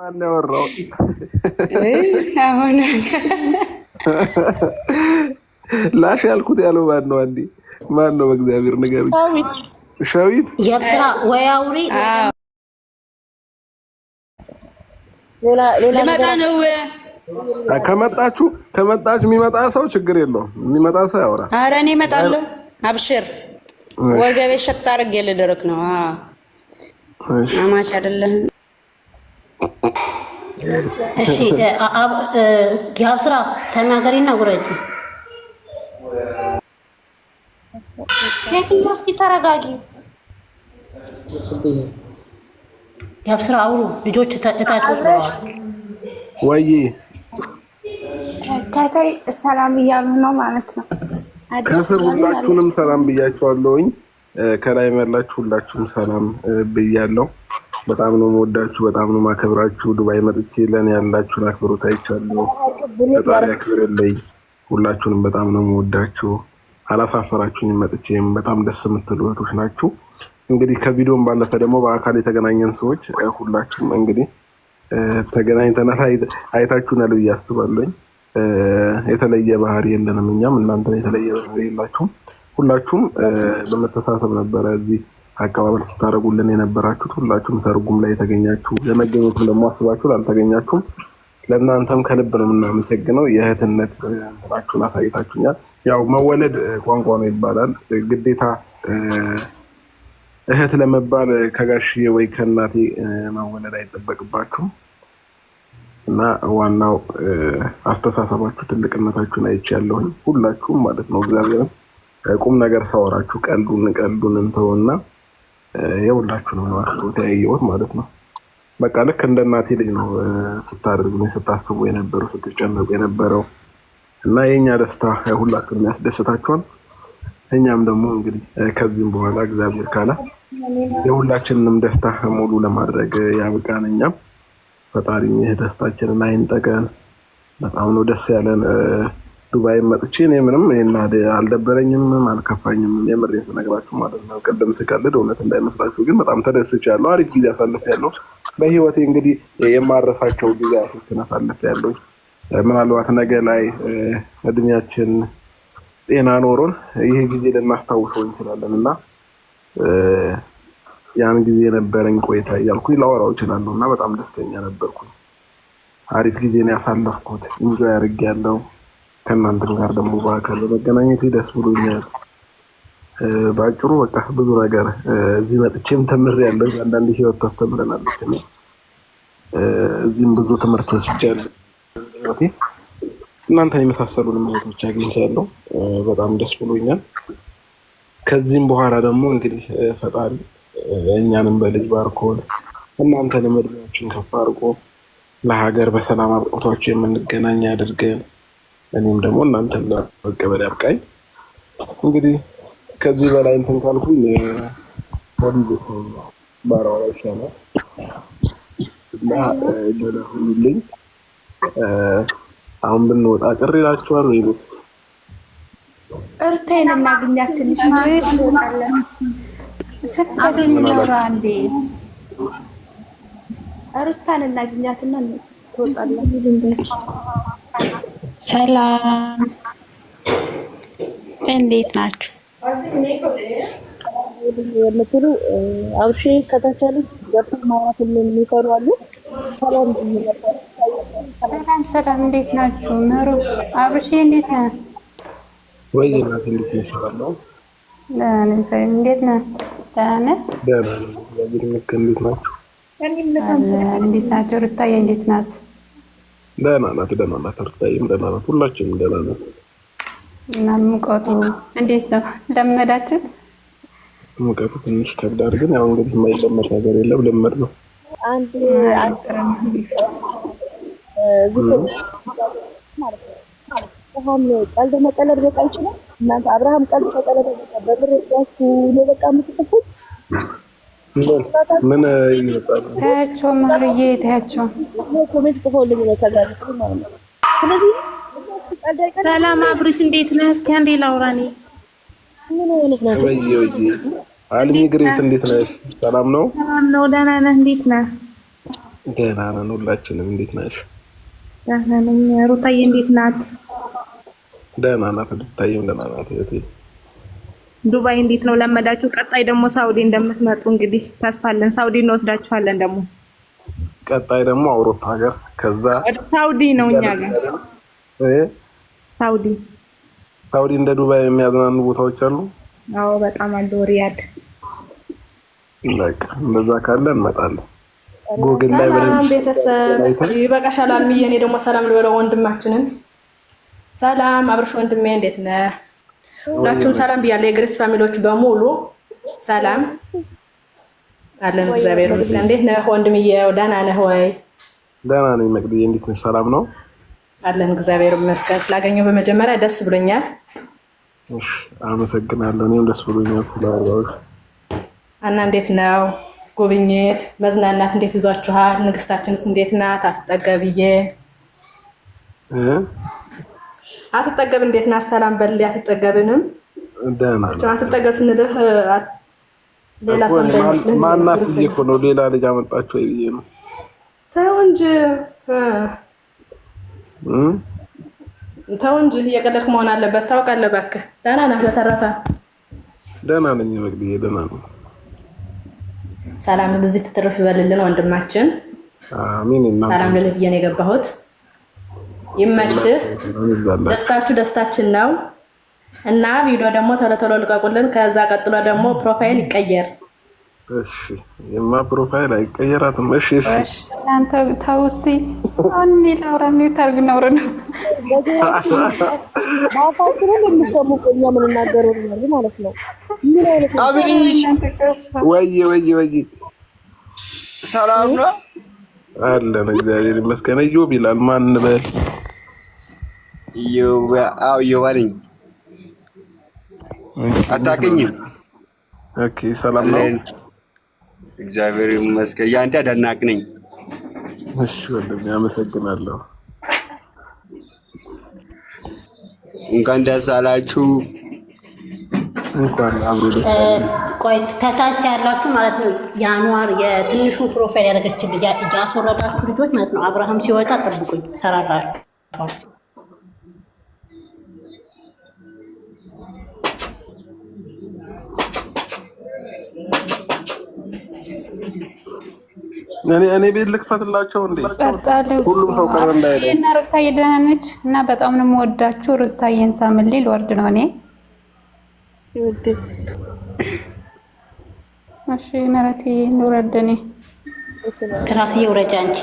ማነው ያወራው? አሁን ላሽ ያልኩት ያለው ማን ነው? አንዴ ማን ነው? በእግዚአብሔር ንገሪኝ። ሸዊት የስራ ወይ አውሪ ከመጣችሁ ከመጣችሁ የሚመጣ ሰው ችግር የለውም። የሚመጣ ሰው ያወራ። እኔ እመጣለሁ። አብሽር ወገቤ ሸጥ አድርጌ ልደረግ ነው። አማች እሺ ጊሀብ ስራ ተናገሪና ጉረጂ። የትኛ እስኪ ተረጋጊ። ጊሀብ ስራ አውሩ ልጆች እታች ወይ ከታይ ሰላም እያሉ ነው ማለት ነው። ከስር ሁላችሁንም ሰላም ብያችኋለሁኝ። ከላይ መላችሁ ሁላችሁም ሰላም ብያለሁ። በጣም ነው መወዳችሁ፣ በጣም ነው ማከብራችሁ። ዱባይ መጥቼ ለእኔ ያላችሁን አክብሮት አይቻለሁ። ፈጣሪ ያክብርልኝ። ሁላችሁንም በጣም ነው መወዳችሁ። አላሳፈራችሁኝ። መጥቼም በጣም ደስ የምትሉ እህቶች ናችሁ። እንግዲህ ከቪዲዮም ባለፈ ደግሞ በአካል የተገናኘን ሰዎች ሁላችሁም እንግዲህ ተገናኝተናል፣ አይታችሁናል ብዬ አስባለኝ። የተለየ ባህሪ የለንም እኛም፣ እናንተ የተለየ ባህሪ የላችሁም። ሁላችሁም በመተሳሰብ ነበረ እዚህ አቀባበል ስታደረጉልን የነበራችሁት ሁላችሁም ሰርጉም ላይ የተገኛችሁ፣ ለመገኘቱ ደግሞ አስባችሁ ላልተገኛችሁም ለእናንተም ከልብ ነው የምናመሰግነው። የእህትነት ራችሁን አሳይታችሁኛል። ያው መወለድ ቋንቋ ነው ይባላል። ግዴታ እህት ለመባል ከጋሽዬ ወይ ከእናቴ መወለድ አይጠበቅባችሁም እና ዋናው አስተሳሰባችሁ ትልቅነታችሁን አይቼ ያለሁኝ ሁላችሁም ማለት ነው። እግዚአብሔርም ቁም ነገር ሳወራችሁ ቀልዱን ቀልዱን እንተውና የሁላችሁ ነው አክብሮት ያየሁት ማለት ነው። በቃ ልክ እንደ እናቴ ልጅ ነው ስታደርጉ ስታስቡ የነበረው ስትጨነቁ የነበረው እና የእኛ ደስታ ሁላችሁንም ያስደስታችኋል። እኛም ደግሞ እንግዲህ ከዚህም በኋላ እግዚአብሔር ካለ የሁላችንንም ደስታ ሙሉ ለማድረግ ያብቃን። እኛም ፈጣሪ ይህ ደስታችንን አይንጠቀን። በጣም ነው ደስ ያለን። ዱባይ መጥቼ እኔ ምንም ይሄን አልደበረኝም፣ አልከፋኝም። የምሬን ስነግራችሁ ማለት ነው። ቅድም ስቀልድ እውነት እንዳይመስላችሁ፣ ግን በጣም ተደስች ያለው አሪፍ ጊዜ አሳልፍ ያለው በህይወቴ እንግዲህ የማረሳቸው ጊዜያቶችን ያለው ምናልባት ነገ ላይ እድሜያችን ጤና ኖሮን ይህ ጊዜ ልናስታውሰው እንችላለን እና ያን ጊዜ የነበረኝ ቆይታ እያልኩ ላወራው እችላለሁ እና በጣም ደስተኛ ነበርኩኝ። አሪፍ ጊዜ ነው ያሳለፍኩት። እንጆ ያርግ ያለው ከእናንተም ጋር ደግሞ በአካል በመገናኘት ደስ ብሎኛል። በአጭሩ በቃ ብዙ ነገር እዚህ መጥቼም ተምሬያለሁ። አንዳንድ ህይወት ታስተምረናለች እዚህም ብዙ ትምህርት ወስጃለሁ። እናንተን የመሳሰሉንም እህቶች አግኝቻለሁ። በጣም ደስ ብሎኛል። ከዚህም በኋላ ደግሞ እንግዲህ ፈጣሪ እኛንም በልጅ ባርኮን እናንተንም እድሜያችን ከፍ አድርጎ ለሀገር በሰላም አብቅቷቸው የምንገናኝ አድርገን እኔም ደግሞ እናንተ ለመቀበል ያብቃኝ። እንግዲህ ከዚህ በላይ እንትን ካልኩኝ ባራዋላ ይሻላል እና ሁሉልኝ አሁን ብንወጣ ቅር ይላችኋል ወይስ እርታይን እናገኛት ትንሽ እንወጣለን። ኖራ እንዴ እርታን እናገኛትና እንወጣለን። ሰላም እንዴት ናችሁ? የምትሉ አብርሽ ከታች ያለች ማውራት የሚፈሩ አሉ። ሰላም ሰላም፣ እንዴት ናችሁ? ምሩ አብርሽ እንዴት ነ ወይ ዜናት እንዴት እንዴት ነ ደህና ነህ? ደህና ነህ? እንዴት ናችሁ? ሩታዬ እንዴት ናት? ደህና ናት፣ ደህና ናት። እርታዬም ደህና ናት። ሁላችንም ደህና ናት። እና ሙቀቱ እንዴት ነው? ለመዳችት ሙቀቱ ትንሽ ከብዳር፣ ግን ያው እንግዲህ የማይለመድ ነገር የለም ልምድ ነው። አንድ ቀልድ መቀለድ በቃ ይችላል። እናንተ አብርሃም ቀልድ መቀለድ በቃ በብር ስላችሁ ነው በቃ የምትጽፉት ምን ታያቸው ማርዬ ታያቸው። ኮሜንት ጽፎልኝ ነው ስለዚህ ሰላም አብሪሽ፣ እንዴት ነህ? እስኪ አንዴ ላውራ እኔ። ምን አይነት ነው? አልሚ ግሬስ፣ እንዴት ሰላም ነው? ሰላም ነው። ደህና ነህ? እንዴት ነህ? ደህና ነን ሁላችንም። እንዴት ደህና ነኝ። ሩታዬ እንዴት ናት? ደህና ናት። ደህና ናት እህቴ ዱባይ እንዴት ነው ለመዳችሁ? ቀጣይ ደግሞ ሳውዲ እንደምትመጡ እንግዲህ ተስፋ አለን። ሳውዲ እንወስዳችኋለን። ደግሞ ቀጣይ ደግሞ አውሮፓ ሀገር ከዛ ሳውዲ ነው እኛ ጋር ሳውዲ ሳውዲ እንደ ዱባይ የሚያዝናኑ ቦታዎች አሉ። አዎ በጣም አሉ። ሪያድ በቃ እንደዛ ካለ እንመጣለን። ጎግል ላይ በደንብ ቤተሰብ ይበቃሻል። አልሚዬ እኔ ደግሞ ሰላም ልበለው ወንድማችንን። ሰላም አብርሽ ወንድሜ እንዴት ነህ? ሁላችሁም ሰላም ብያለሁ። የግሬስ ፋሚሊዎች በሙሉ ሰላም አለን። እግዚአብሔር ይመስገን። እንዴት ነህ ወንድምዬው? ደህና ነህ ወይ? ደህና ነኝ መቅድዬ፣ እንዴት ነሽ? ሰላም ነው አለን። እግዚአብሔር ይመስገን። ስላገኘሁ በመጀመሪያ ደስ ብሎኛል። አመሰግናለሁ። እኔም ደስ ብሎኛል ስላወራሁሽ እና እንዴት ነው ጉብኝት፣ መዝናናት እንዴት ይዟችኋል? ንግስታችንስ እንዴት ናት? አትጠገብዬ አትጠገብ እንዴት ናት? ሰላም በል። አትጠገብንም አትጠገብ ስንልህ ሌላ ማናት ብዬ እኮ ነው። ሌላ ልጅ አመጣችሁ ብዬ ነው። ተው እንጂ ተው እንጂ እየቀለድክ መሆን አለበት። ታውቃለህ። እባክህ ደህና ናት። በተረፈ ደህና ነኝ። ደህና ነኝ። ሰላም እዚህ ትትርፍ ይበልልን ወንድማችን። አሚን። ሰላም ልልህ ብዬ ነው የገባሁት። ይመችህ። ደስታችሁ ደስታችን ነው እና ቪዲዮ ደግሞ ቶሎ ቶሎ ልቀቁልን። ከዛ ቀጥሎ ደግሞ ፕሮፋይል ይቀየር። እሺ፣ የማ ፕሮፋይል አይቀየራትም። እሺ፣ እሺ። አንተ ተው እስቲ አሁን ላውራ ነው ታርግ ነው ረን ማፋክሩን የሚሰሙ ቆኛ ምን እናገሩ ነው ማለት ነው። ምን አይነት አብሪሽ ወይ ወይ ወይ ሰላም ነው አለን። እግዚአብሔር ይመስገን። ዮብ ይላል ማን በል ዮባ ነኝ። አታውቅኝም? ኦኬ፣ ሰላም ነው? እግዚአብሔር ይመስገን። የአንተ አዳናቅ ነኝ። እሺ ወንድሜ፣ አመሰግናለሁ። እንኳን ደስ አላችሁ። እንኳን አብሮ ቆይ ከታች ያላችሁ ማለት ነው የአንዋር የትንሹ ፕሮፋይል ያደረገችን ልጅ ልጆች ማለት ነው አብርሃም ሲወጣ ጠብቁኝ ተራራችሁ እኔ እኔ ቤት ልክፈትላቸው እንዴ? ሁሉም ሰው ቀረ እንዳይለኝ እና ርታዬ ደህና ነች እና በጣም ነው የምወዳችሁ። ርታዬን ሳምልኝ ልወርድ ነው እኔ። እሺ መረቴ ልውረድ ትራስዬ ውረጃ አንቺ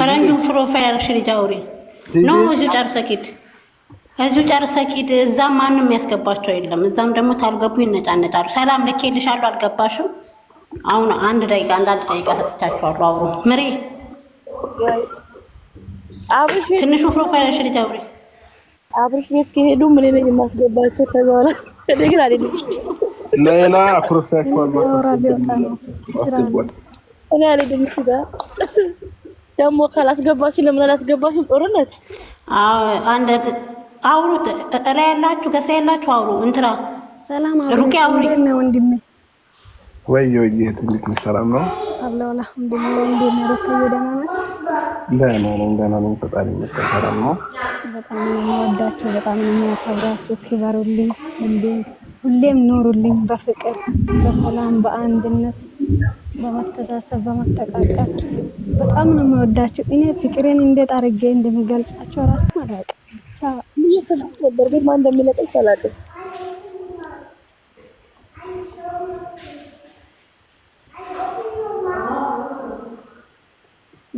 ፈረንጁን ፕሮፋይል አርግሽ ልጅ አውሪ ኖ እዚሁ ጨርሰኪድ እዚሁ ጨርሰኪድ። እዛም ማንም የሚያስገባቸው የለም። እዛም ደግሞ ታልገቡ ይነጫነጫሉ። ሰላም ልኬልሻለሁ አልገባሽም አሁን አንድ ደቂቃ አንዳንድ ደቂቃ ሰጥቻችኋለሁ። አብሮ ምሪ አብርሽ ትንሹ ፕሮፋይልሽ ልጅ አብሪ አብርሽ ቤት ከሄዱ ምን ነኝ የማስገባቸው ከዛ በኋላ ግን አይደለም ሌላ ደግሞ ካላስገባችሁ ለምን አላስገባችሁ? ጦርነት አንድ አውሩ። እላይ ያላችሁ ከስራ ያላችሁ አውሩ። እንትራ ሩቄ አውሪ ወንድሜ ወይ ወይ እህት እንዴት ነሽ? ሰላም ነው አለው። አልሐምዱሊላህ እንዴት ነው ሩታ? ደህና ናት? ደህና ነኝ፣ ደህና ነኝ። ፈጣሪ ይመስገን ሰላም ነው። በጣም ነው የምወዳቸው፣ በጣም ነው የማከብራቸው። ክበሩልኝ፣ ሁሌም ኖሩልኝ፣ በፍቅር በሰላም በአንድነት በመተሳሰብ በመተቃቀል በጣም ነው የምወዳቸው። እኔ ፍቅሬን እንዴት አድርጌ እንደምገልጻቸው ራሱ አላውቅም። ብቻ ብዬ ነበር ግን ማን እንደሚለቀኝ አላውቅም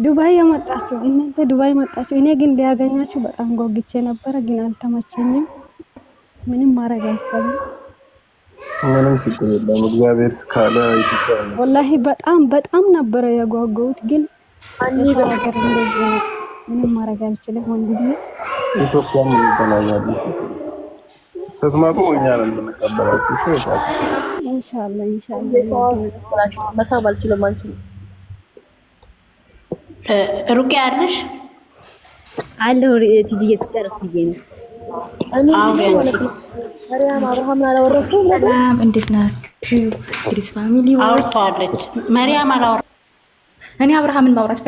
ዱባይ የመጣችሁ እናንተ ዱባይ መጣችሁ። እኔ ግን ሊያገኛችሁ በጣም ጎግቼ ነበረ፣ ግን አልተመቸኝም። ምንም ማድረግ አይቻልም። ምንም ችግር የለም። እግዚአብሔር ካለ ወላሂ በጣም በጣም ነበረ የጓጓሁት፣ ግን ሀገር እንደዚህ ነው። ምንም ማድረግ አልችልም። ወንድሜ ኢትዮጵያም ይገናኛሉ። ተስማቁ እኛ ነው የምንቀበላችሁ። ኢንሻላህ ኢንሻላህ መሳብ አልችልም አንችልም ሩቅ ያለሽ አለሁ ትዬ ትጨርስ ብዬ ነው። ሰላም እንዴት ናችሁ? ግሪስ ፋሚሊ አውርተዋለች። መሪያም እኔ አብርሃምን ማውራት